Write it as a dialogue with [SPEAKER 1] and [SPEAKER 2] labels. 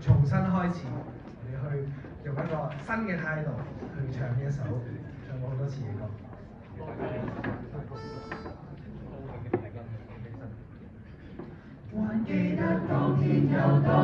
[SPEAKER 1] 重新開始，你去用一個新嘅態度去唱一首唱過好多次嘅歌。還記得當天有。